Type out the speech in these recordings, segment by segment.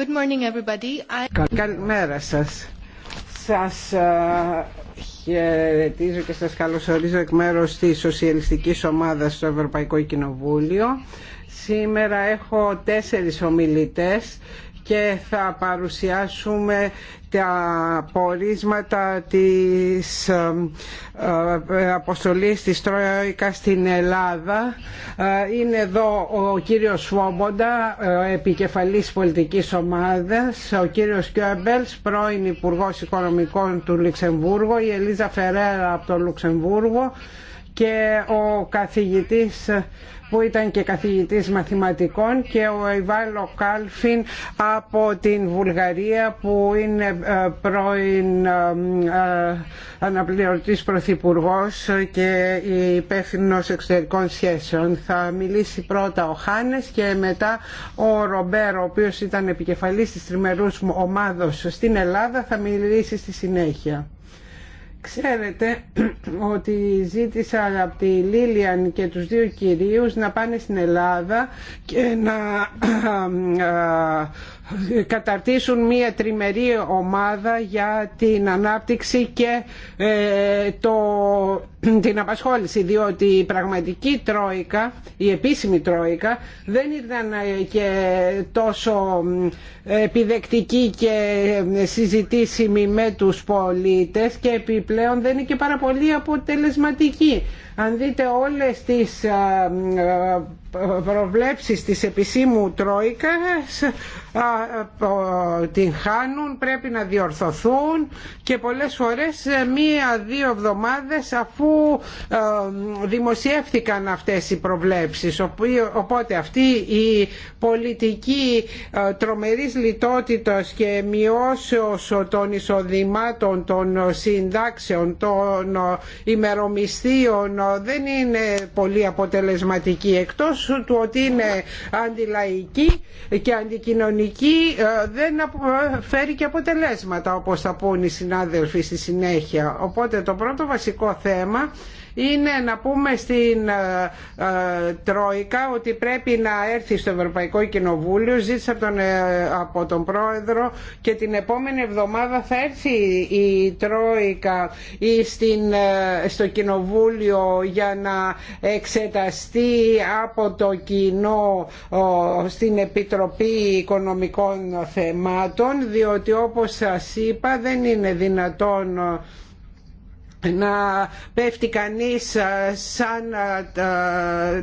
Good morning everybody. Καλημέρα σας. Σας ε, χαιρετίζω και σας καλωσορίζω εκ μέρους της Σοσιαλιστικής Ομάδας στο Ευρωπαϊκό Κοινοβούλιο. Σήμερα έχω τέσσερις ομιλητές και θα παρουσιάσουμε τα πορίσματα της ε, ε, αποστολής της Τρόικα στην Ελλάδα. Ε, είναι εδώ ο κύριος Σφόμποντα, επικεφαλής πολιτικής ομάδας, ο κύριος Κιόμπελς, πρώην Υπουργός Οικονομικών του Λουξεμβούργου, η Ελίζα Φερέρα από το Λουξεμβούργο και ο καθηγητής που ήταν και καθηγητής μαθηματικών και ο Ιβάλο Κάλφιν από την Βουλγαρία που είναι ε, πρώην ε, ε, αναπληρωτής πρωθυπουργός και υπεύθυνο εξωτερικών σχέσεων. Θα μιλήσει πρώτα ο Χάνες και μετά ο Ρομπέρο, ο οποίος ήταν επικεφαλής της τριμερούς ομάδος στην Ελλάδα, θα μιλήσει στη συνέχεια. Ξέρετε ότι ζήτησα από τη Λίλιαν και τους δύο κυρίους να πάνε στην Ελλάδα και να καταρτήσουν μία τριμερή ομάδα για την ανάπτυξη και ε, το, την απασχόληση διότι η πραγματική τρόικα, η επίσημη τρόικα δεν ήταν ε, και τόσο επιδεκτική και ε, συζητήσιμη με τους πολίτες και επιπλέον δεν είναι και πάρα πολύ αποτελεσματική αν δείτε όλες τις προβλέψεις της επισήμου Τρόικας την χάνουν, πρέπει να διορθωθούν και πολλές φορές μία-δύο εβδομάδες αφού δημοσιεύθηκαν αυτές οι προβλέψεις. Οπότε αυτή η πολιτική τρομερής λιτότητας και μειώσεως των εισοδημάτων των συντάξεων, των ημερομισθείων δεν είναι πολύ αποτελεσματική εκτός του ότι είναι αντιλαϊκή και αντικοινωνική ε, δεν φέρει και αποτελέσματα όπως θα πούν οι συνάδελφοι στη συνέχεια. Οπότε το πρώτο βασικό θέμα είναι να πούμε στην ε, ε, Τρόικα ότι πρέπει να έρθει στο Ευρωπαϊκό Κοινοβούλιο. ζήτησε από τον, από τον Πρόεδρο και την επόμενη εβδομάδα θα έρθει η Τρόικα ή στο Κοινοβούλιο για να εξεταστεί από το κοινό στην Επιτροπή Οικονομικών Θεμάτων διότι όπως σας είπα δεν είναι δυνατόν να πέφτει κανείς ε, σαν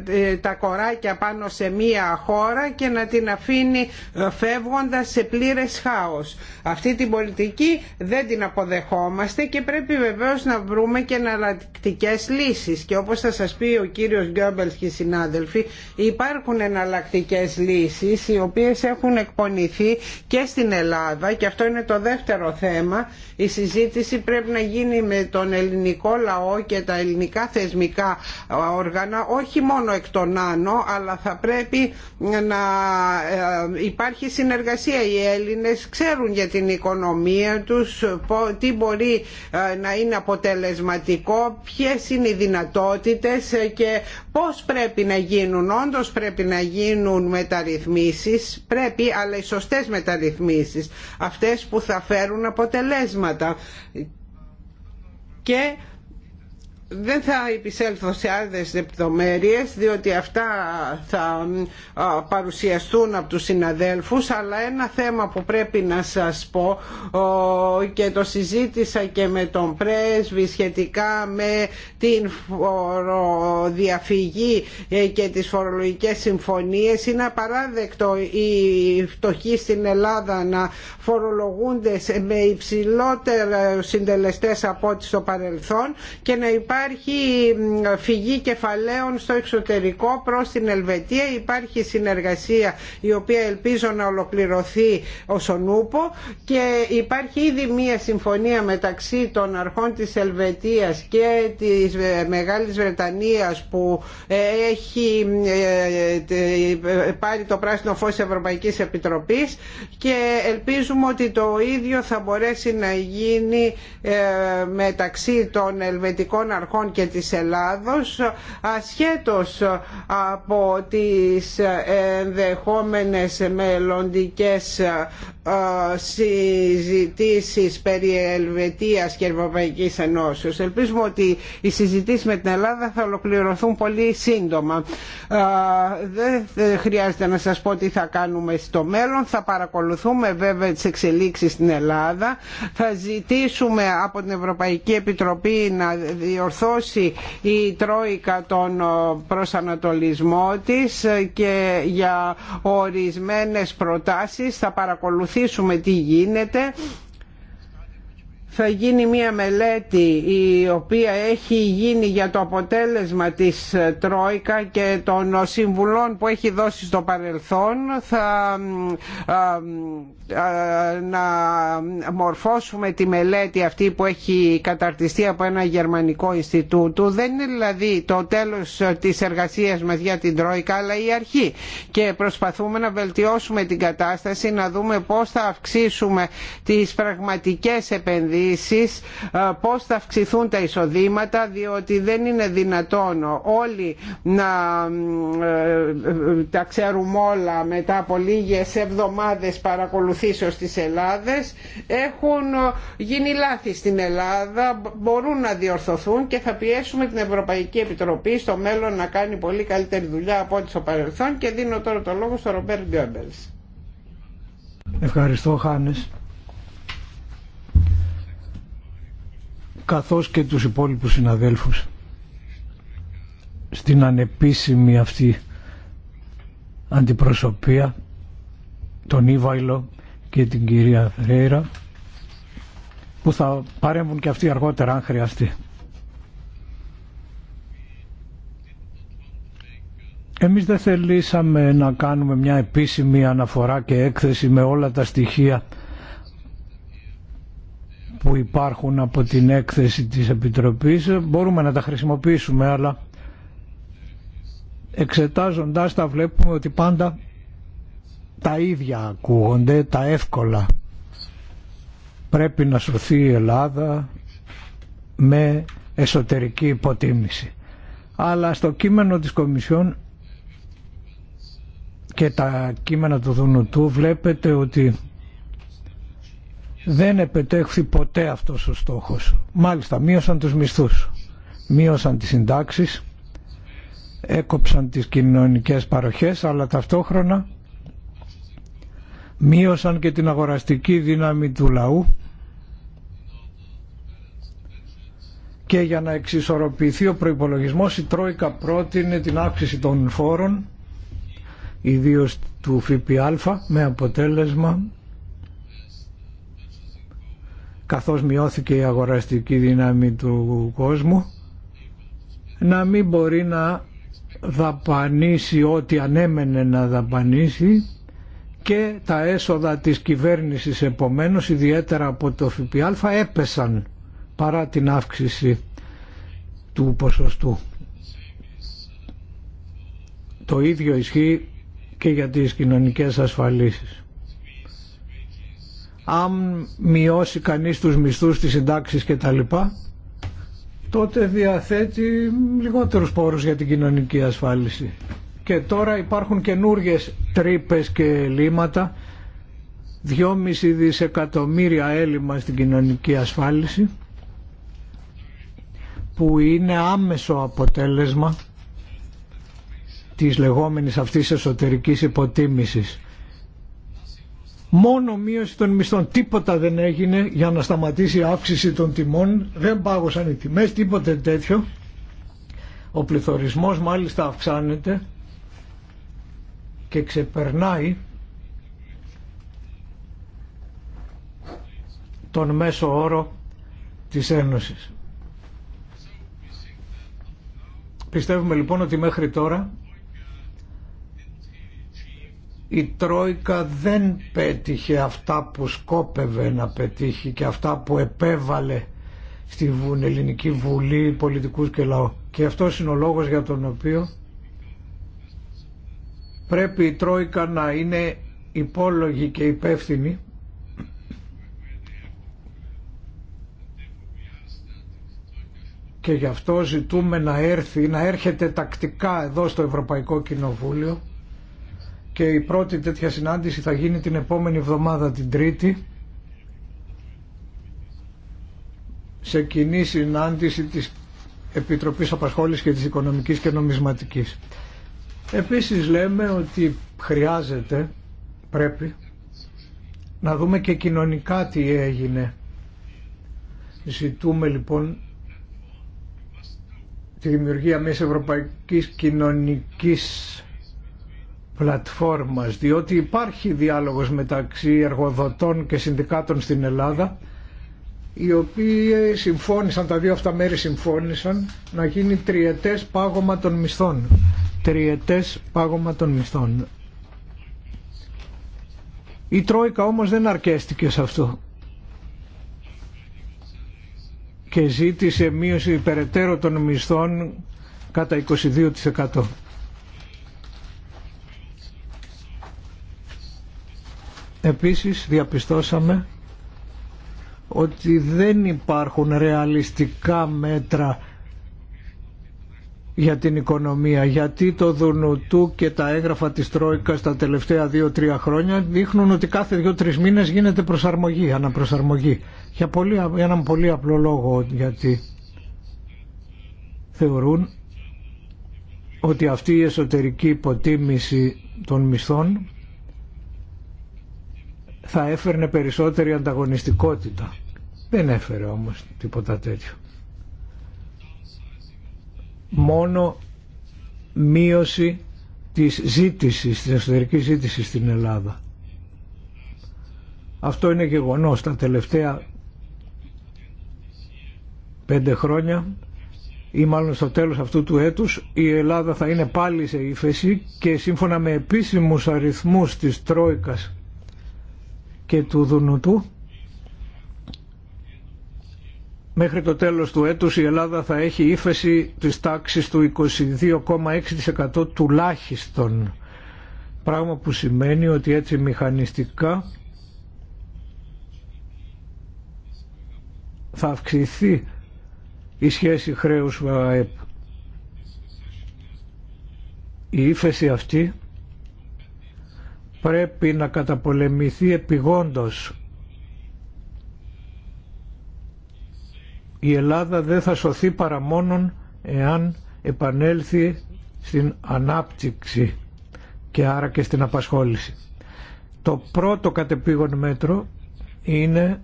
ε, ε, τα κοράκια πάνω σε μία χώρα και να την αφήνει φεύγοντας σε πλήρες χάος. Αυτή την πολιτική δεν την αποδεχόμαστε και πρέπει βεβαίως να βρούμε και εναλλακτικέ λύσεις και όπως θα σας πει ο κύριος Γκέμπελς και οι συνάδελφοι υπάρχουν εναλλακτικέ λύσεις οι οποίες έχουν εκπονηθεί και στην Ελλάδα και αυτό είναι το δεύτερο θέμα η συζήτηση πρέπει να γίνει με τον ελληνικό λαό και τα ελληνικά θεσμικά όργανα όχι μόνο εκ των άνω αλλά θα πρέπει να ε, υπάρχει συνεργασία. Οι Έλληνες ξέρουν για την οικονομία τους τι μπορεί ε, να είναι αποτελεσματικό, ποιες είναι οι δυνατότητες ε, και πώς πρέπει να γίνουν. Όντως πρέπει να γίνουν μεταρρυθμίσεις, πρέπει αλλά οι σωστές μεταρρυθμίσεις, αυτές που θα φέρουν αποτελέσματα και δεν θα επισέλθω σε άλλε λεπτομέρειες διότι αυτά θα παρουσιαστούν από τους συναδέλφους αλλά ένα θέμα που πρέπει να σας πω και το συζήτησα και με τον πρέσβη σχετικά με την φοροδιαφυγή ε, και τις φορολογικές συμφωνίες είναι απαράδεκτο οι φτωχοί στην Ελλάδα να φορολογούνται με υψηλότερους ε, συντελεστές από ό,τι στο παρελθόν και να υπάρχει φυγή κεφαλαίων στο εξωτερικό προς την Ελβετία, υπάρχει συνεργασία η οποία ελπίζω να ολοκληρωθεί ο νουπο και υπάρχει ήδη μία συμφωνία μεταξύ των αρχών της Ελβετίας και της ε, Μεγάλης Βρετανίας που ε, έχει ε, πάρει το πράσινο φως της Ευρωπαϊκής Επιτροπής και ελπίζουμε ότι το ίδιο θα μπορέσει να γίνει μεταξύ των ελβετικών αρχών Αρχών και της Ελλάδος ασχέτως από τις ενδεχόμενες μελλοντικές ε, συζητήσεις περί Ελβετίας και Ευρωπαϊκής Ενώσεως. Ελπίζουμε ότι οι συζητήσεις με την Ελλάδα θα ολοκληρωθούν πολύ σύντομα. Ε, δεν χρειάζεται να σας πω τι θα κάνουμε στο μέλλον. Θα παρακολουθούμε βέβαια τις εξελίξεις στην Ελλάδα. Θα ζητήσουμε από την Ευρωπαϊκή Επιτροπή να διορθώσουμε διορθώσει η Τρόικα τον ε, προσανατολισμό της ε, και για ορισμένες προτάσεις θα παρακολουθήσουμε τι γίνεται θα γίνει μια μελέτη η οποία έχει γίνει για το αποτέλεσμα της ε, Τρόικα και των συμβουλών που έχει δώσει στο παρελθόν θα να μορφώσουμε τη μελέτη αυτή που έχει καταρτιστεί από ένα γερμανικό Ινστιτούτο δεν είναι δηλαδή το τέλος της εργασίας μας για την Τρόικα αλλά η αρχή και προσπαθούμε να βελτιώσουμε την κατάσταση να δούμε πώς θα αυξήσουμε τις πραγματικές επενδύσεις πώς θα αυξηθούν τα εισοδήματα διότι δεν είναι δυνατόν όλοι να ε, ε, τα ξέρουμε όλα μετά από λίγες εβδομάδες παρακολουθούν θύσεως της Ελλάδες έχουν γίνει λάθη στην Ελλάδα, μπορούν να διορθωθούν και θα πιέσουμε την Ευρωπαϊκή Επιτροπή στο μέλλον να κάνει πολύ καλύτερη δουλειά από ό,τι στο παρελθόν και δίνω τώρα το λόγο στον Ρομπέρ Γκέμπελς. Ευχαριστώ Χάνες. καθώς και τους υπόλοιπους συναδέλφους στην ανεπίσημη αυτή αντιπροσωπεία τον Ήβαϊλο και την κυρία Φερέιρα που θα παρέμβουν και αυτοί αργότερα αν χρειαστεί. Εμείς δεν θελήσαμε να κάνουμε μια επίσημη αναφορά και έκθεση με όλα τα στοιχεία που υπάρχουν από την έκθεση της Επιτροπής. Μπορούμε να τα χρησιμοποιήσουμε, αλλά εξετάζοντάς τα βλέπουμε ότι πάντα τα ίδια ακούγονται, τα εύκολα. Πρέπει να σωθεί η Ελλάδα με εσωτερική υποτίμηση. Αλλά στο κείμενο της Κομισιόν και τα κείμενα του Δουνουτού βλέπετε ότι δεν επετέχθη ποτέ αυτός ο στόχος. Μάλιστα, μείωσαν τους μισθούς, μείωσαν τις συντάξεις, έκοψαν τις κοινωνικές παροχές, αλλά ταυτόχρονα μείωσαν και την αγοραστική δύναμη του λαού και για να εξισορροπηθεί ο προϋπολογισμός η Τρόικα πρότεινε την αύξηση των φόρων ιδίως του ΦΠΑ με αποτέλεσμα καθώς μειώθηκε η αγοραστική δύναμη του κόσμου να μην μπορεί να δαπανίσει ό,τι ανέμενε να δαπανίσει και τα έσοδα της κυβέρνησης επομένως ιδιαίτερα από το ΦΠΑ έπεσαν παρά την αύξηση του ποσοστού. Το ίδιο ισχύει και για τις κοινωνικές ασφαλίσεις. Αν μειώσει κανείς τους μισθούς, τις συντάξεις και τα λοιπά, τότε διαθέτει λιγότερους πόρους για την κοινωνική ασφάλιση και τώρα υπάρχουν καινούργιες τρύπε και λύματα 2,5 δισεκατομμύρια έλλειμμα στην κοινωνική ασφάλιση που είναι άμεσο αποτέλεσμα της λεγόμενης αυτής εσωτερικής υποτίμησης. Μόνο μείωση των μισθών. Τίποτα δεν έγινε για να σταματήσει η αύξηση των τιμών. Δεν πάγωσαν οι τιμές, τίποτε τέτοιο. Ο πληθωρισμός μάλιστα αυξάνεται και ξεπερνάει τον μέσο όρο της Ένωσης. Πιστεύουμε λοιπόν ότι μέχρι τώρα η Τρόικα δεν πέτυχε αυτά που σκόπευε να πετύχει και αυτά που επέβαλε στη Ελληνική Βουλή πολιτικούς και λαό. Και αυτό είναι ο λόγος για τον οποίο Πρέπει η Τρόικα να είναι υπόλογη και υπεύθυνη και γι' αυτό ζητούμε να έρθει, να έρχεται τακτικά εδώ στο Ευρωπαϊκό Κοινοβούλιο και η πρώτη τέτοια συνάντηση θα γίνει την επόμενη εβδομάδα την Τρίτη σε κοινή συνάντηση της Επιτροπής Απασχόλησης και της Οικονομικής και Νομισματικής. Επίσης λέμε ότι χρειάζεται, πρέπει, να δούμε και κοινωνικά τι έγινε. Ζητούμε λοιπόν τη δημιουργία μιας ευρωπαϊκής κοινωνικής πλατφόρμας, διότι υπάρχει διάλογος μεταξύ εργοδοτών και συνδικάτων στην Ελλάδα, οι οποίοι συμφώνησαν, τα δύο αυτά μέρη συμφώνησαν, να γίνει τριετές πάγωμα των μισθών τριετές πάγωμα των μισθών. Η Τρόικα όμως δεν αρκέστηκε σε αυτό και ζήτησε μείωση περαιτέρω των μισθών κατά 22%. Επίσης διαπιστώσαμε ότι δεν υπάρχουν ρεαλιστικά μέτρα για την οικονομία γιατί το Δουνουτού και τα έγγραφα της Τρόικας τα τελευταία δύο-τρία χρόνια δείχνουν ότι κάθε δύο-τρεις μήνες γίνεται προσαρμογή, αναπροσαρμογή για πολύ, έναν πολύ απλό λόγο γιατί θεωρούν ότι αυτή η εσωτερική υποτίμηση των μισθών θα έφερνε περισσότερη ανταγωνιστικότητα. Δεν έφερε όμως τίποτα τέτοιο μόνο μείωση της ζήτησης, της εσωτερικής ζήτησης στην Ελλάδα. Αυτό είναι γεγονός. Τα τελευταία πέντε χρόνια ή μάλλον στο τέλος αυτού του έτους η Ελλάδα θα είναι πάλι σε ύφεση και σύμφωνα με επίσημους αριθμούς της Τρόικας και του Δουνουτού μέχρι το τέλος του έτους η Ελλάδα θα έχει ύφεση της τάξης του 22,6% τουλάχιστον. Πράγμα που σημαίνει ότι έτσι μηχανιστικά θα αυξηθεί η σχέση χρέους με ΑΕΠ. Η ύφεση αυτή πρέπει να καταπολεμηθεί επιγόντως η Ελλάδα δεν θα σωθεί παρά μόνον εάν επανέλθει στην ανάπτυξη και άρα και στην απασχόληση. Το πρώτο κατεπήγον μέτρο είναι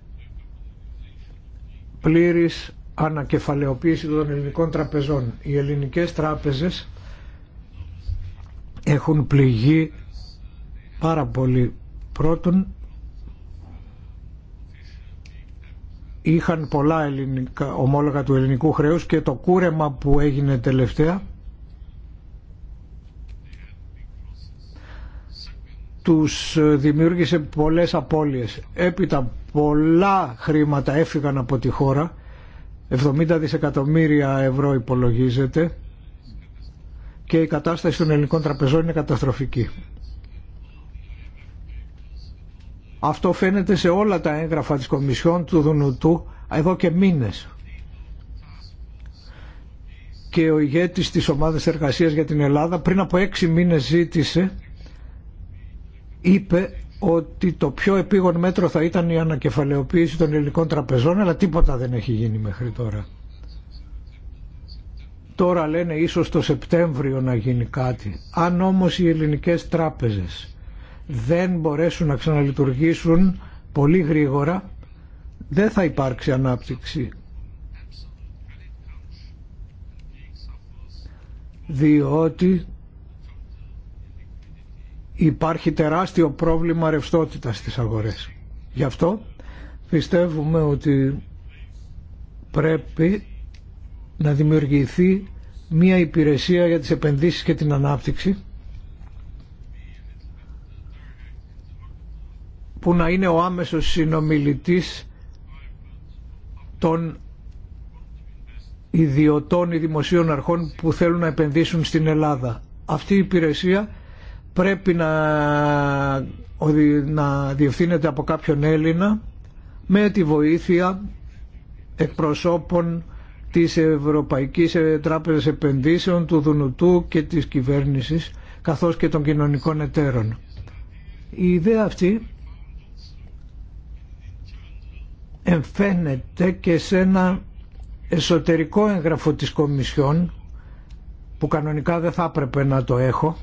πλήρης ανακεφαλαιοποίηση των ελληνικών τραπεζών. Οι ελληνικές τράπεζες έχουν πληγεί πάρα πολύ πρώτον είχαν πολλά ελληνικά, ομόλογα του ελληνικού χρέους και το κούρεμα που έγινε τελευταία τους δημιούργησε πολλές απώλειες. Έπειτα πολλά χρήματα έφυγαν από τη χώρα, 70 δισεκατομμύρια ευρώ υπολογίζεται και η κατάσταση των ελληνικών τραπεζών είναι καταστροφική. Αυτό φαίνεται σε όλα τα έγγραφα της Κομισιόν του Δουνουτού εδώ και μήνες. Και ο ηγέτης της Ομάδας Εργασίας για την Ελλάδα πριν από έξι μήνες ζήτησε, είπε ότι το πιο επίγον μέτρο θα ήταν η ανακεφαλαιοποίηση των ελληνικών τραπεζών, αλλά τίποτα δεν έχει γίνει μέχρι τώρα. Τώρα λένε ίσως το Σεπτέμβριο να γίνει κάτι. Αν όμως οι ελληνικές τράπεζες δεν μπορέσουν να ξαναλειτουργήσουν πολύ γρήγορα, δεν θα υπάρξει ανάπτυξη. Διότι υπάρχει τεράστιο πρόβλημα ρευστότητας στις αγορές. Γι' αυτό πιστεύουμε ότι πρέπει να δημιουργηθεί μία υπηρεσία για τις επενδύσεις και την ανάπτυξη που να είναι ο άμεσος συνομιλητής των ιδιωτών ή δημοσίων αρχών που θέλουν να επενδύσουν στην Ελλάδα. Αυτή η υπηρεσία πρέπει να, να διευθύνεται από κάποιον Έλληνα με τη βοήθεια εκπροσώπων της Ευρωπαϊκής Τράπεζας Επενδύσεων, του Δουνουτού και της κυβέρνησης, καθώς και των κοινωνικών εταίρων. Η ιδέα αυτή εμφαίνεται και σε ένα εσωτερικό έγγραφο της Κομισιόν που κανονικά δεν θα έπρεπε να το έχω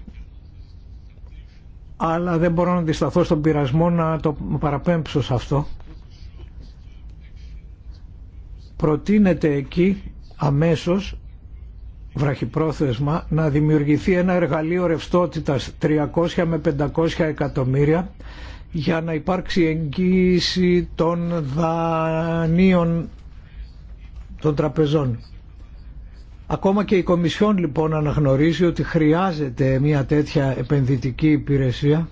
αλλά δεν μπορώ να αντισταθώ στον πειρασμό να το παραπέμψω σε αυτό προτείνεται εκεί αμέσως βραχυπρόθεσμα να δημιουργηθεί ένα εργαλείο ρευστότητας 300 με 500 εκατομμύρια για να υπάρξει εγγύηση των δανείων των τραπεζών. Ακόμα και η Κομισιόν λοιπόν αναγνωρίζει ότι χρειάζεται μια τέτοια επενδυτική υπηρεσία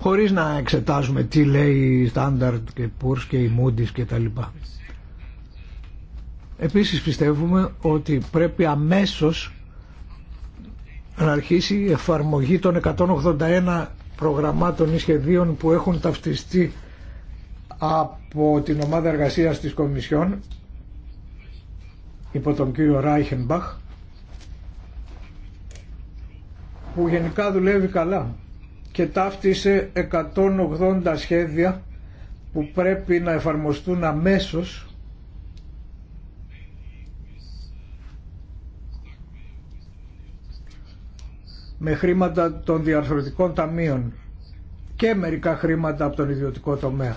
χωρίς να εξετάζουμε τι λέει η Standard και Poor's και η Moody's και τα λοιπά. Επίσης πιστεύουμε ότι πρέπει αμέσως να αρχίσει η εφαρμογή των 181 προγραμμάτων ή σχεδίων που έχουν ταυτιστεί από την ομάδα εργασίας της Κομισιόν υπό τον κύριο Ράιχενμπαχ που γενικά δουλεύει καλά και ταύτισε 180 σχέδια που πρέπει να εφαρμοστούν αμέσως με χρήματα των διαρθρωτικών ταμείων και μερικά χρήματα από τον ιδιωτικό τομέα.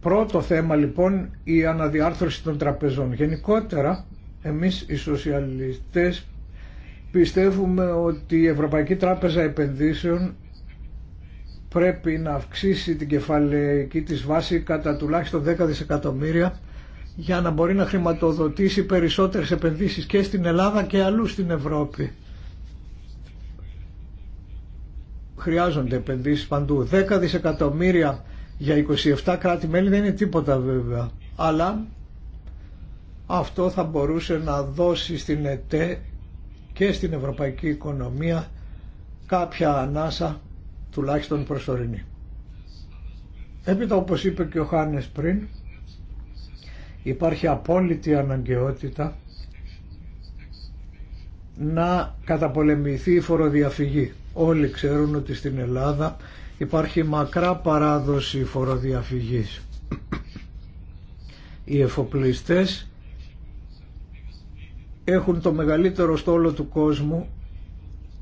Πρώτο θέμα λοιπόν η αναδιάρθρωση των τραπεζών. Γενικότερα εμείς οι σοσιαλιστές πιστεύουμε ότι η Ευρωπαϊκή Τράπεζα Επενδύσεων πρέπει να αυξήσει την κεφαλαϊκή της βάση κατά τουλάχιστον 10 δισεκατομμύρια για να μπορεί να χρηματοδοτήσει περισσότερες επενδύσεις και στην Ελλάδα και αλλού στην Ευρώπη. χρειάζονται επενδύσεις παντού. 10 δισεκατομμύρια για 27 κράτη-μέλη δεν είναι τίποτα βέβαια. Αλλά αυτό θα μπορούσε να δώσει στην ΕΤΕ και στην ευρωπαϊκή οικονομία κάποια ανάσα τουλάχιστον προσωρινή. Έπειτα όπως είπε και ο Χάνες πριν υπάρχει απόλυτη αναγκαιότητα να καταπολεμηθεί η φοροδιαφυγή. Όλοι ξέρουν ότι στην Ελλάδα υπάρχει μακρά παράδοση φοροδιαφυγής. Οι εφοπλιστές έχουν το μεγαλύτερο στόλο του κόσμου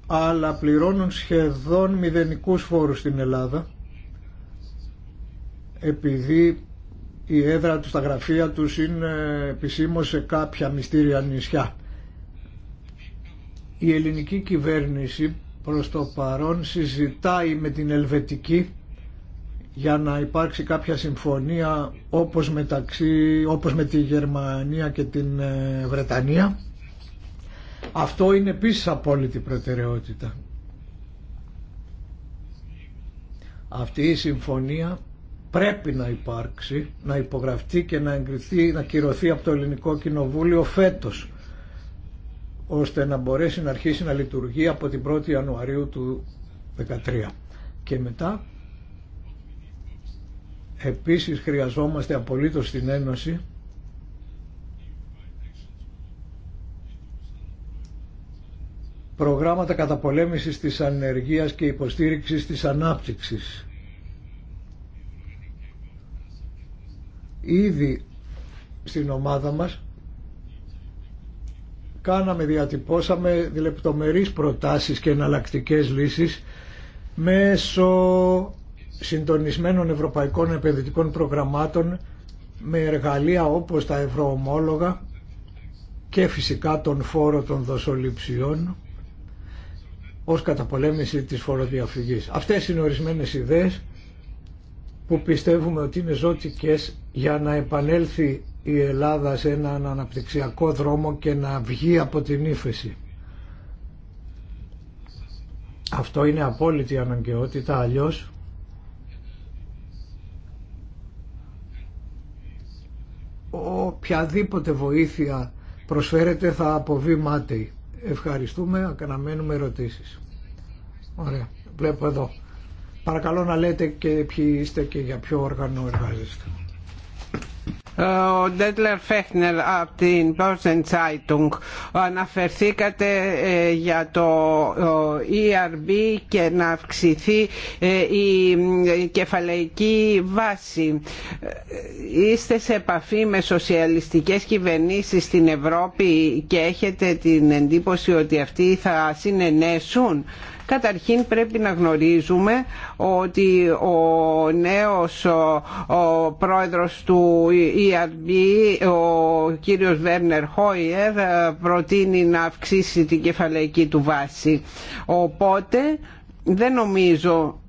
αλλά πληρώνουν σχεδόν μηδενικούς φόρους στην Ελλάδα επειδή η έδρα τους, τα γραφεία τους είναι επισήμως σε κάποια μυστήρια νησιά. Η ελληνική κυβέρνηση προς το παρόν συζητάει με την Ελβετική για να υπάρξει κάποια συμφωνία όπως, μεταξύ, όπως με τη Γερμανία και την ε, Βρετανία. Αυτό είναι επίσης απόλυτη προτεραιότητα. Αυτή η συμφωνία πρέπει να υπάρξει, να υπογραφτεί και να εγκριθεί, να κυρωθεί από το Ελληνικό Κοινοβούλιο φέτος ώστε να μπορέσει να αρχίσει να λειτουργεί από την 1η Ιανουαρίου του 2013. Και μετά επίσης χρειαζόμαστε απολύτως στην Ένωση προγράμματα καταπολέμησης της ανεργίας και υποστήριξης της ανάπτυξης. Ήδη στην ομάδα μας κάναμε, διατυπώσαμε λεπτομερείς προτάσεις και εναλλακτικέ λύσεις μέσω συντονισμένων ευρωπαϊκών επενδυτικών προγραμμάτων με εργαλεία όπως τα ευρωομόλογα και φυσικά τον φόρο των δοσοληψιών ως καταπολέμηση της φοροδιαφυγής. Αυτές είναι ορισμένες ιδέες που πιστεύουμε ότι είναι ζώτικες για να επανέλθει η Ελλάδα σε έναν αναπτυξιακό δρόμο και να βγει από την ύφεση. Αυτό είναι απόλυτη αναγκαιότητα, αλλιώς οποιαδήποτε βοήθεια προσφέρεται θα αποβεί μάταιη. Ευχαριστούμε, αναμένουμε ερωτήσεις. Ωραία, βλέπω εδώ. Παρακαλώ να λέτε και ποιοι είστε και για ποιο όργανο εργάζεστε. Ο Ντέτλερ Φέχνερ από την Πόρσεν Zeitung αναφερθήκατε ε, για το ERB και να αυξηθεί ε, η κεφαλαϊκή βάση. Είστε σε επαφή με σοσιαλιστικές κυβερνήσεις στην Ευρώπη και έχετε την εντύπωση ότι αυτοί θα συνενέσουν Καταρχήν πρέπει να γνωρίζουμε ότι ο νέος πρόεδρος του ERB, ο κύριος Βέρνερ Χόιερ, ε, προτείνει να αυξήσει την κεφαλαϊκή του βάση. Οπότε δεν νομίζω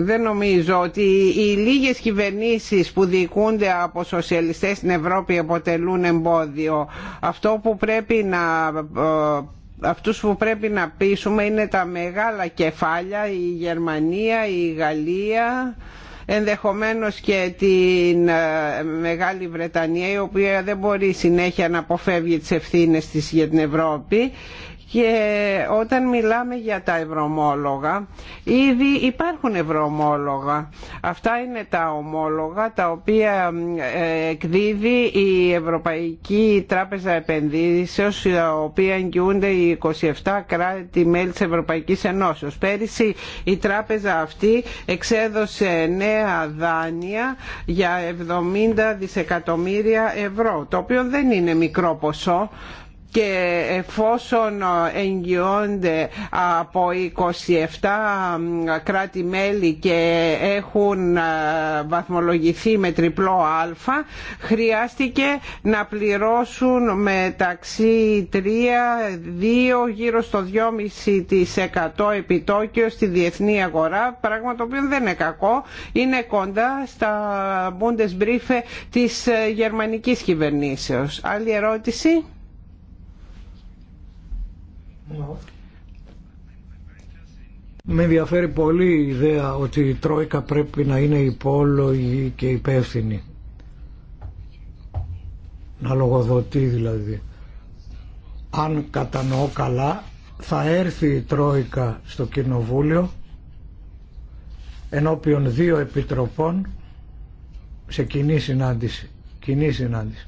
δεν νομίζω ότι οι λίγες κυβερνήσεις που διοικούνται από σοσιαλιστές στην Ευρώπη αποτελούν εμπόδιο. Αυτό που πρέπει να ε, αυτούς που πρέπει να πείσουμε είναι τα μεγάλα κεφάλια, η Γερμανία, η Γαλλία, ενδεχομένως και την ε, Μεγάλη Βρετανία η οποία δεν μπορεί συνέχεια να αποφεύγει τις ευθύνες της για την Ευρώπη και όταν μιλάμε για τα ευρωομόλογα, ήδη υπάρχουν ευρωομόλογα. Αυτά είναι τα ομόλογα τα οποία εκδίδει η Ευρωπαϊκή Τράπεζα Επενδύσεως, η οποία εγγυούνται οι 27 κράτη-μέλη της Ευρωπαϊκής Ενώσεως. Πέρυσι η τράπεζα αυτή εξέδωσε νέα δάνεια για 70 δισεκατομμύρια ευρώ, το οποίο δεν είναι μικρό ποσό και εφόσον εγγυώνται από 27 κράτη-μέλη και έχουν ε, βαθμολογηθεί με τριπλό αλφα χρειάστηκε να πληρώσουν μεταξύ 3-2 γύρω στο 2,5% επιτόκιο στη διεθνή αγορά πράγμα το οποίο δεν είναι κακό είναι κοντά στα Bundesbriefe της ε, γερμανικής κυβερνήσεως. Άλλη ερώτηση. Με ενδιαφέρει πολύ η ιδέα ότι η Τρόικα πρέπει να είναι υπόλογη και υπεύθυνη. Να λογοδοτεί δηλαδή. Αν κατανοώ καλά θα έρθει η Τρόικα στο Κοινοβούλιο ενώπιον δύο επιτροπών σε κοινή συνάντηση. Κοινή συνάντηση.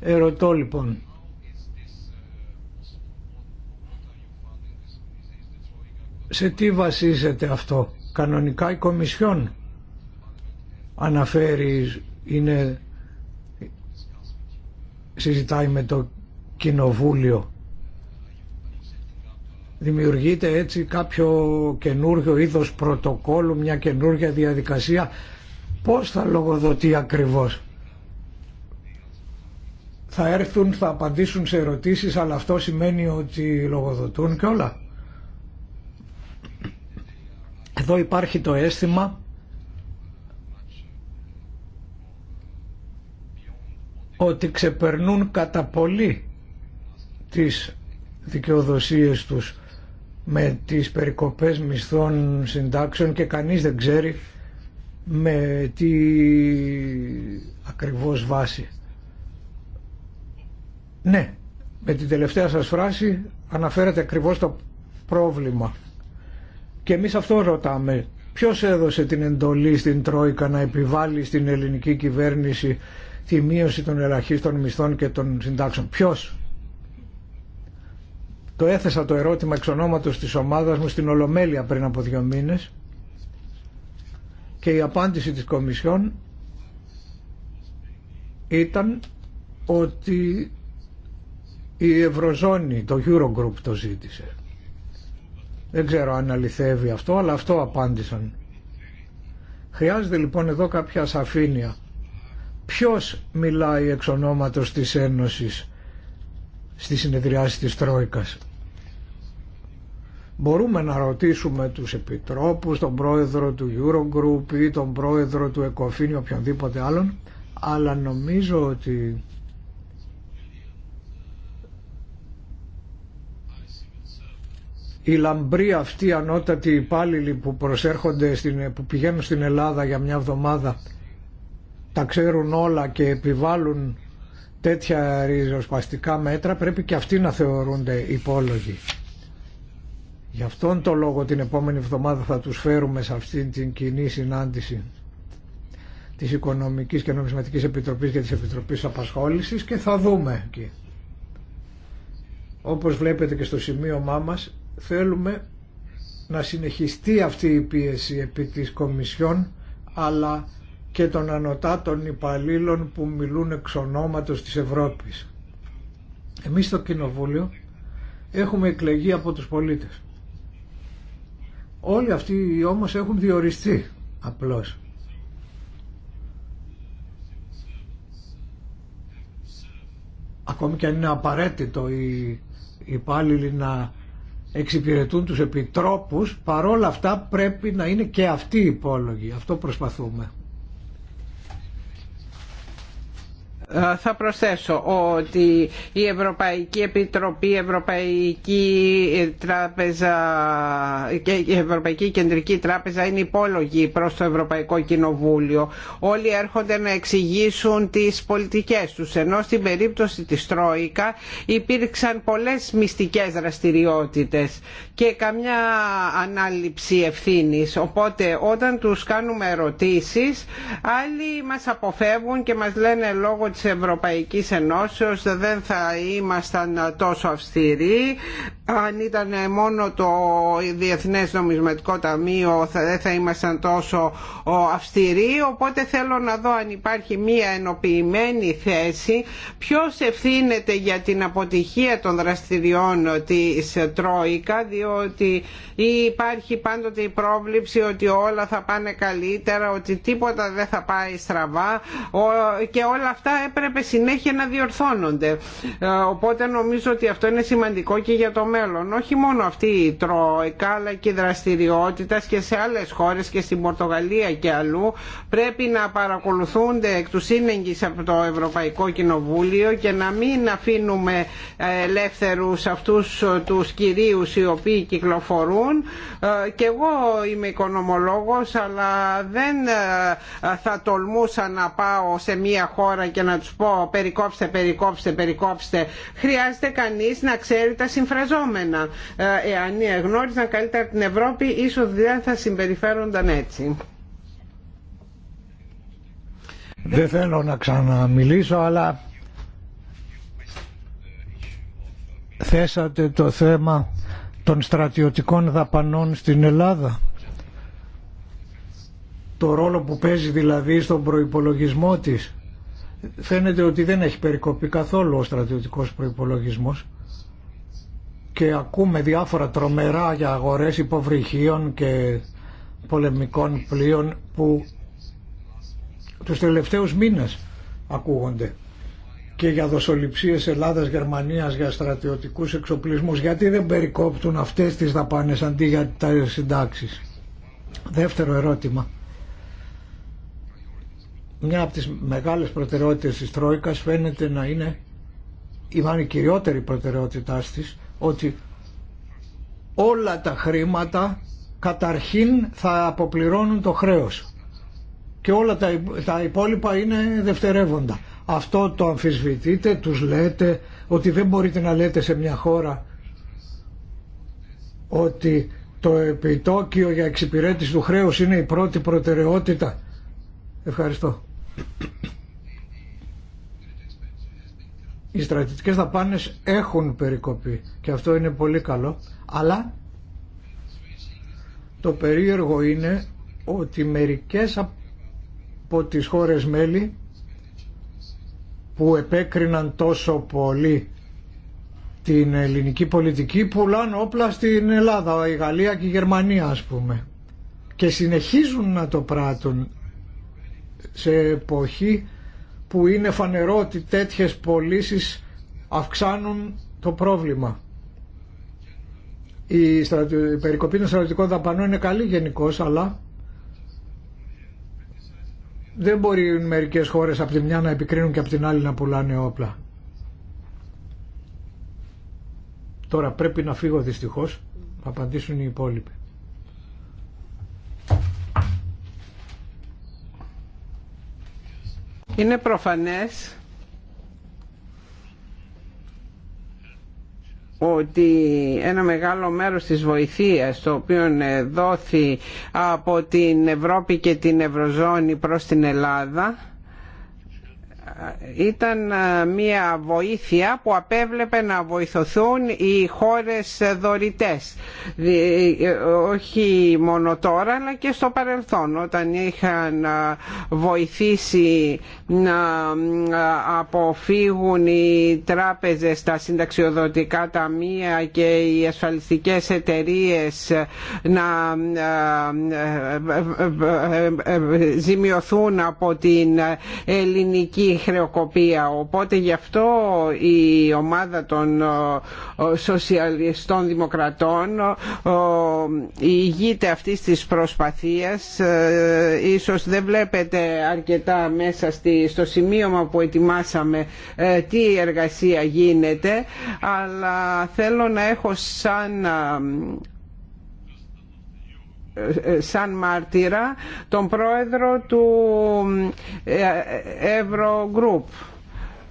Ερωτώ λοιπόν σε τι βασίζεται αυτό. Κανονικά η Κομισιόν αναφέρει, είναι, συζητάει με το Κοινοβούλιο. Δημιουργείται έτσι κάποιο καινούργιο είδος πρωτοκόλλου, μια καινούργια διαδικασία. Πώς θα λογοδοτεί ακριβώς. Θα έρθουν, θα απαντήσουν σε ερωτήσεις, αλλά αυτό σημαίνει ότι λογοδοτούν και όλα. Εδώ υπάρχει το αίσθημα ότι ξεπερνούν κατά πολύ τις δικαιοδοσίες τους με τις περικοπές μισθών συντάξεων και κανείς δεν ξέρει με τι ακριβώς βάση. Ναι, με την τελευταία σας φράση αναφέρεται ακριβώς το πρόβλημα. Και εμείς αυτό ρωτάμε. Ποιος έδωσε την εντολή στην Τρόικα να επιβάλλει στην ελληνική κυβέρνηση τη μείωση των ελαχίστων μισθών και των συντάξεων. Ποιος. Το έθεσα το ερώτημα εξ ονόματος της ομάδας μου στην Ολομέλεια πριν από δύο μήνες και η απάντηση της Κομισιόν ήταν ότι η Ευρωζώνη, το Eurogroup το ζήτησε. Δεν ξέρω αν αληθεύει αυτό, αλλά αυτό απάντησαν. Χρειάζεται λοιπόν εδώ κάποια σαφήνεια. Ποιος μιλάει εξ ονόματος της Ένωσης στη συνεδριάση της Τρόικας. Μπορούμε να ρωτήσουμε τους επιτρόπους, τον πρόεδρο του Eurogroup ή τον πρόεδρο του Εκοφήν οποιονδήποτε άλλον, αλλά νομίζω ότι οι λαμπροί αυτοί ανώτατοι υπάλληλοι που προσέρχονται στην, που πηγαίνουν στην Ελλάδα για μια εβδομάδα τα ξέρουν όλα και επιβάλλουν τέτοια ριζοσπαστικά μέτρα πρέπει και αυτοί να θεωρούνται υπόλογοι. Γι' αυτόν τον λόγο την επόμενη εβδομάδα θα τους φέρουμε σε αυτήν την κοινή συνάντηση της Οικονομικής και Νομισματικής Επιτροπής και της Επιτροπής Απασχόλησης και θα δούμε εκεί. Όπως βλέπετε και στο σημείωμά μας θέλουμε να συνεχιστεί αυτή η πίεση επί της Κομισιόν αλλά και των ανωτάτων υπαλλήλων που μιλούν εξ ονόματος της Ευρώπης. Εμείς στο Κοινοβούλιο έχουμε εκλεγεί από τους πολίτες. Όλοι αυτοί όμως έχουν διοριστεί απλώς. Ακόμη και αν είναι απαραίτητο οι υπάλληλοι να εξυπηρετούν τους επιτρόπους, παρόλα αυτά πρέπει να είναι και αυτοί υπόλογοι. Αυτό προσπαθούμε. Ε, θα προσθέσω ότι η Ευρωπαϊκή Επιτροπή, η Ευρωπαϊκή, Τράπεζα, η Ευρωπαϊκή Κεντρική Τράπεζα είναι υπόλογοι προς το Ευρωπαϊκό Κοινοβούλιο. Όλοι έρχονται να εξηγήσουν τις πολιτικές τους. Ενώ στην περίπτωση της Τρόικα υπήρξαν πολλές μυστικές δραστηριότητες και καμιά ανάληψη ευθύνης. Οπότε όταν τους κάνουμε ερωτήσεις, άλλοι μας αποφεύγουν και μας λένε λόγω της Ευρωπαϊκής Ενώσεως δεν θα ήμασταν τόσο αυστηροί αν ήταν μόνο το Διεθνές Νομισματικό Ταμείο δεν θα ήμασταν τόσο αυστηροί οπότε θέλω να δω αν υπάρχει μία ενοποιημένη θέση ποιος ευθύνεται για την αποτυχία των δραστηριών της Τρόικα διότι υπάρχει πάντοτε η πρόβληψη ότι όλα θα πάνε καλύτερα ότι τίποτα δεν θα πάει στραβά και όλα αυτά έπρεπε συνέχεια να διορθώνονται ε, οπότε νομίζω ότι αυτό είναι σημαντικό και για το μέλλον. Όχι μόνο αυτή η τρόικα αλλά και η δραστηριότητα και σε άλλες χώρες και στην Πορτογαλία και αλλού πρέπει να παρακολουθούνται εκ του σύνεγγυ από το Ευρωπαϊκό Κοινοβούλιο και να μην αφήνουμε ε, ελεύθερου αυτούς ε, του κυρίους οι οποίοι κυκλοφορούν ε, και εγώ είμαι οικονομολόγος αλλά δεν θα τολμούσα να πάω σε μια χώρα και να του πω περικόψτε, περικόψτε, περικόψτε. Χρειάζεται κανείς να ξέρει τα συμφραζόμενα φαινόμενα. Ε, εάν γνώριζαν καλύτερα την Ευρώπη ίσως δεν θα συμπεριφέρονταν έτσι. Δεν θέλω να ξαναμιλήσω αλλά θέσατε το θέμα των στρατιωτικών δαπανών στην Ελλάδα το ρόλο που παίζει δηλαδή στον προϋπολογισμό της φαίνεται ότι δεν έχει περικοπεί καθόλου ο στρατιωτικός προϋπολογισμός και ακούμε διάφορα τρομερά για αγορές υποβρυχίων και πολεμικών πλοίων που τους τελευταίους μήνες ακούγονται και για δοσοληψίες Ελλάδας, Γερμανίας, για στρατιωτικούς εξοπλισμούς. Γιατί δεν περικόπτουν αυτές τις δαπάνες αντί για τα συντάξεις. Δεύτερο ερώτημα. Μια από τις μεγάλες προτεραιότητες της Τρόικας φαίνεται να είναι η κυριότερη προτεραιότητά της ότι όλα τα χρήματα καταρχήν θα αποπληρώνουν το χρέος και όλα τα υπόλοιπα είναι δευτερεύοντα. Αυτό το αμφισβητείτε, τους λέτε ότι δεν μπορείτε να λέτε σε μια χώρα ότι το επιτόκιο για εξυπηρέτηση του χρέους είναι η πρώτη προτεραιότητα. Ευχαριστώ οι στρατιωτικές δαπάνες έχουν περικοπεί και αυτό είναι πολύ καλό αλλά το περίεργο είναι ότι μερικές από τις χώρες μέλη που επέκριναν τόσο πολύ την ελληνική πολιτική πουλάνε όπλα στην Ελλάδα, η Γαλλία και η Γερμανία ας πούμε και συνεχίζουν να το πράττουν σε εποχή που είναι φανερό ότι τέτοιες πωλήσει αυξάνουν το πρόβλημα. Η, περικοπή των στρατιωτικών δαπανών είναι καλή γενικώ, αλλά δεν μπορεί μερικές χώρες από τη μια να επικρίνουν και από την άλλη να πουλάνε όπλα. Τώρα πρέπει να φύγω δυστυχώς, θα απαντήσουν οι υπόλοιποι. Είναι προφανές ότι ένα μεγάλο μέρος της βοηθείας το οποίο δόθη από την Ευρώπη και την Ευρωζώνη προς την Ελλάδα ήταν μια βοήθεια που απέβλεπε να βοηθωθούν οι χώρες δωρητές όχι μόνο τώρα αλλά και στο παρελθόν όταν είχαν βοηθήσει να αποφύγουν οι τράπεζες τα συνταξιοδοτικά ταμεία και οι ασφαλιστικές εταιρείες να ζημιωθούν από την ελληνική χρεοκοπία οπότε γι' αυτό η ομάδα των ε, σοσιαλιστών δημοκρατών ε, ηγείται αυτής της προσπαθίας ε, ίσως δεν βλέπετε αρκετά μέσα στο σημείωμα που ετοιμάσαμε τι εργασία γίνεται αλλά θέλω να έχω σαν ε, ε, σαν μάρτυρα τον πρόεδρο του ε, Eurogroup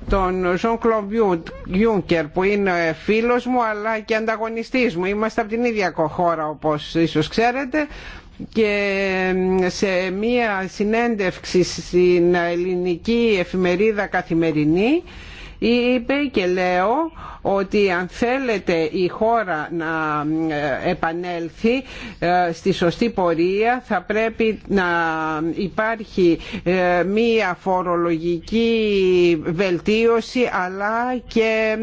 τον Ζων Κλοβιούντ Γιούνκερ που είναι φίλος μου αλλά και ανταγωνιστής μου είμαστε από την ίδια χώρα όπως ίσως ξέρετε και σε μία συνέντευξη στην ελληνική εφημερίδα Καθημερινή είπε και λέω ότι αν θέλετε η χώρα να ε, επανέλθει ε, στη σωστή πορεία θα πρέπει να υπάρχει ε, μία φορολογική βελτίωση αλλά και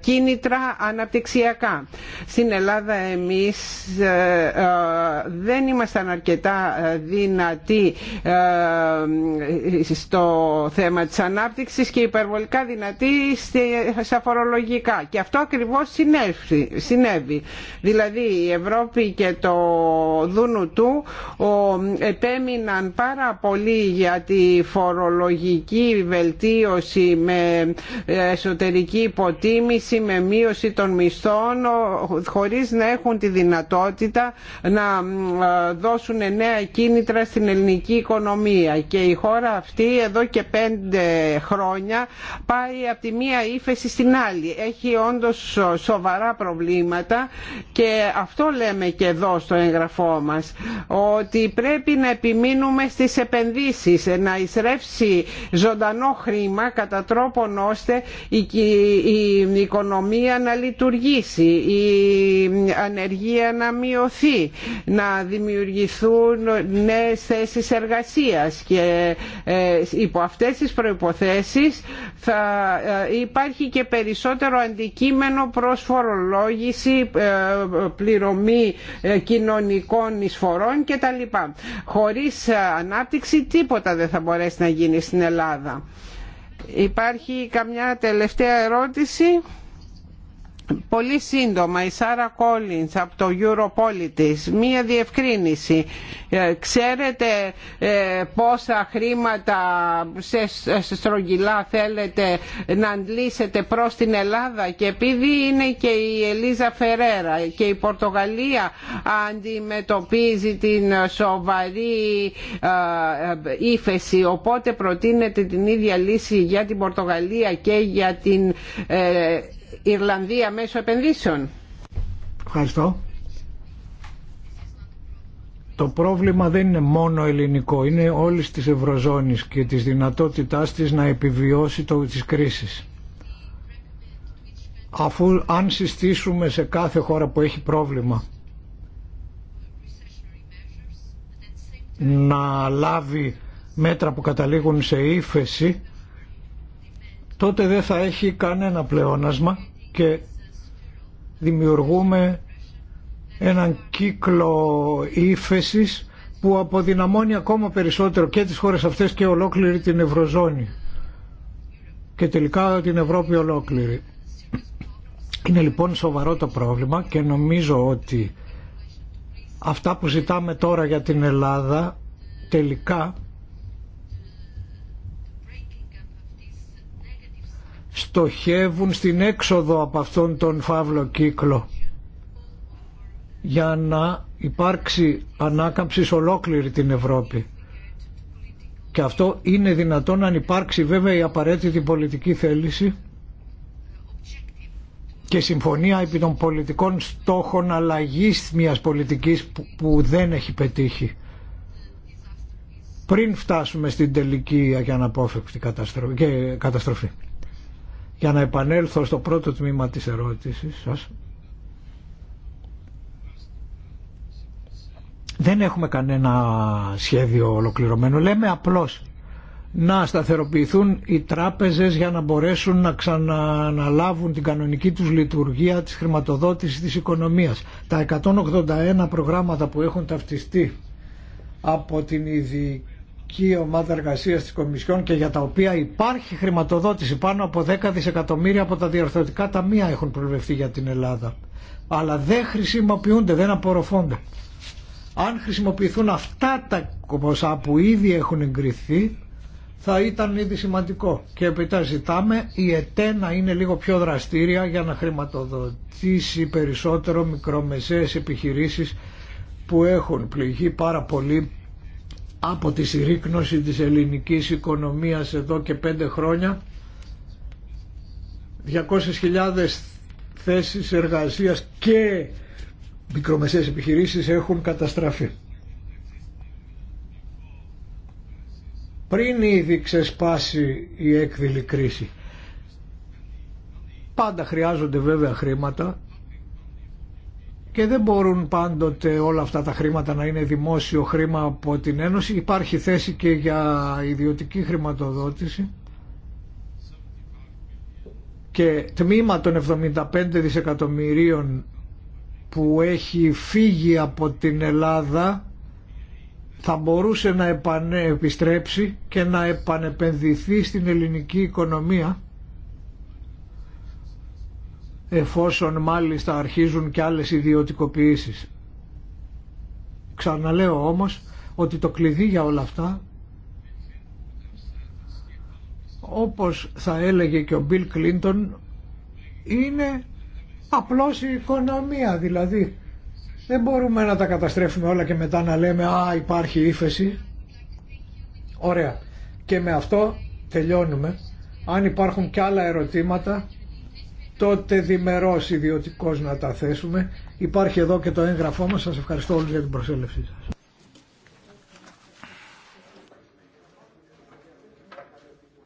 κίνητρα αναπτυξιακά. Στην Ελλάδα εμείς δεν ήμασταν αρκετά δυνατοί στο θέμα της ανάπτυξης και υπερβολικά δυνατοί σε φορολογικά και αυτό ακριβώς συνέβη. Δηλαδή η Ευρώπη και το Δούνου του επέμειναν πάρα πολύ για τη φορολογική βελτίωση με ε, εσωτερική υποτίμηση, με μείωση των μισθών χωρίς να έχουν τη δυνατότητα να ε, δώσουν νέα κίνητρα στην ελληνική οικονομία. Και η χώρα αυτή εδώ και πέντε χρόνια πάει από τη μία ύφεση στην άλλη έχει όντως σοβαρά προβλήματα και αυτό λέμε και εδώ στο εγγραφό μας ότι πρέπει να επιμείνουμε στις επενδύσεις να εισρεύσει ζωντανό χρήμα κατά τρόπον ώστε η οικονομία να λειτουργήσει η ανεργία να μειωθεί να δημιουργηθούν νέες θέσεις εργασίας και ε, υπό αυτές τις προϋποθέσεις θα ε, υπάρχει και περισσότερο αντικείμενο προς φορολόγηση, ε, πληρωμή ε, κοινωνικών εισφορών κτλ. Χωρίς ε, ανάπτυξη τίποτα δεν θα μπορέσει να γίνει στην Ελλάδα. Υπάρχει καμιά τελευταία ερώτηση. Πολύ σύντομα η Σάρα Κόλινς από το Europolitis, μία διευκρίνηση. Ε, ξέρετε ε, πόσα χρήματα σε στρογγυλά θέλετε να αντλήσετε προς την Ελλάδα και επειδή είναι και η Ελίζα Φερέρα και η Πορτογαλία αντιμετωπίζει την σοβαρή ε, ύφεση οπότε προτείνεται την ίδια λύση για την Πορτογαλία και για την Ιρλανδία μέσω επενδύσεων. Ευχαριστώ. Το πρόβλημα δεν είναι μόνο ελληνικό, είναι όλης της Ευρωζώνης και της δυνατότητάς της να επιβιώσει το, τις κρίσεις. Αφού αν συστήσουμε σε κάθε χώρα που έχει πρόβλημα να λάβει μέτρα που καταλήγουν σε ύφεση, τότε δεν θα έχει κανένα πλεόνασμα και δημιουργούμε έναν κύκλο ύφεση που αποδυναμώνει ακόμα περισσότερο και τις χώρες αυτές και ολόκληρη την Ευρωζώνη και τελικά την Ευρώπη ολόκληρη. Είναι λοιπόν σοβαρό το πρόβλημα και νομίζω ότι αυτά που ζητάμε τώρα για την Ελλάδα τελικά στοχεύουν στην έξοδο από αυτόν τον φαύλο κύκλο για να υπάρξει ανάκαμψη σε ολόκληρη την Ευρώπη. Και αυτό είναι δυνατόν αν υπάρξει βέβαια η απαραίτητη πολιτική θέληση και συμφωνία επί των πολιτικών στόχων αλλαγής μιας πολιτικής που δεν έχει πετύχει πριν φτάσουμε στην τελική και αναπόφευκτη καταστροφή για να επανέλθω στο πρώτο τμήμα της ερώτησης σας δεν έχουμε κανένα σχέδιο ολοκληρωμένο λέμε απλώς να σταθεροποιηθούν οι τράπεζες για να μπορέσουν να ξαναλάβουν την κανονική τους λειτουργία της χρηματοδότησης της οικονομίας. Τα 181 προγράμματα που έχουν ταυτιστεί από την ειδική η ομάδα εργασίας της Κομισιόν και για τα οποία υπάρχει χρηματοδότηση. Πάνω από 10 δισεκατομμύρια από τα διορθωτικά ταμεία έχουν προβλεφθεί για την Ελλάδα. Αλλά δεν χρησιμοποιούνται, δεν απορροφώνται. Αν χρησιμοποιηθούν αυτά τα ποσά που ήδη έχουν εγκριθεί, θα ήταν ήδη σημαντικό. Και επίτα ζητάμε η ΕΤΕ να είναι λίγο πιο δραστήρια για να χρηματοδοτήσει περισσότερο μικρομεσαίες επιχειρήσεις που έχουν πληγεί πάρα πολύ από τη συρρήκνωση της ελληνικής οικονομίας εδώ και πέντε χρόνια 200.000 θέσεις εργασίας και μικρομεσαίες επιχειρήσεις έχουν καταστραφεί. Πριν ήδη ξεσπάσει η έκδηλη κρίση. Πάντα χρειάζονται βέβαια χρήματα και δεν μπορούν πάντοτε όλα αυτά τα χρήματα να είναι δημόσιο χρήμα από την Ένωση. Υπάρχει θέση και για ιδιωτική χρηματοδότηση και τμήμα των 75 δισεκατομμυρίων που έχει φύγει από την Ελλάδα θα μπορούσε να επιστρέψει και να επανεπενδυθεί στην ελληνική οικονομία εφόσον μάλιστα αρχίζουν και άλλες ιδιωτικοποιήσεις. Ξαναλέω όμως ότι το κλειδί για όλα αυτά όπως θα έλεγε και ο Μπιλ Κλίντον είναι απλώς η οικονομία δηλαδή δεν μπορούμε να τα καταστρέφουμε όλα και μετά να λέμε «Α, υπάρχει ύφεση». Ωραία. Και με αυτό τελειώνουμε. Αν υπάρχουν και άλλα ερωτήματα τότε διμερός ιδιωτικός να τα θέσουμε. Υπάρχει εδώ και το έγγραφό μας. Σας ευχαριστώ όλους για την προσέλευσή σας.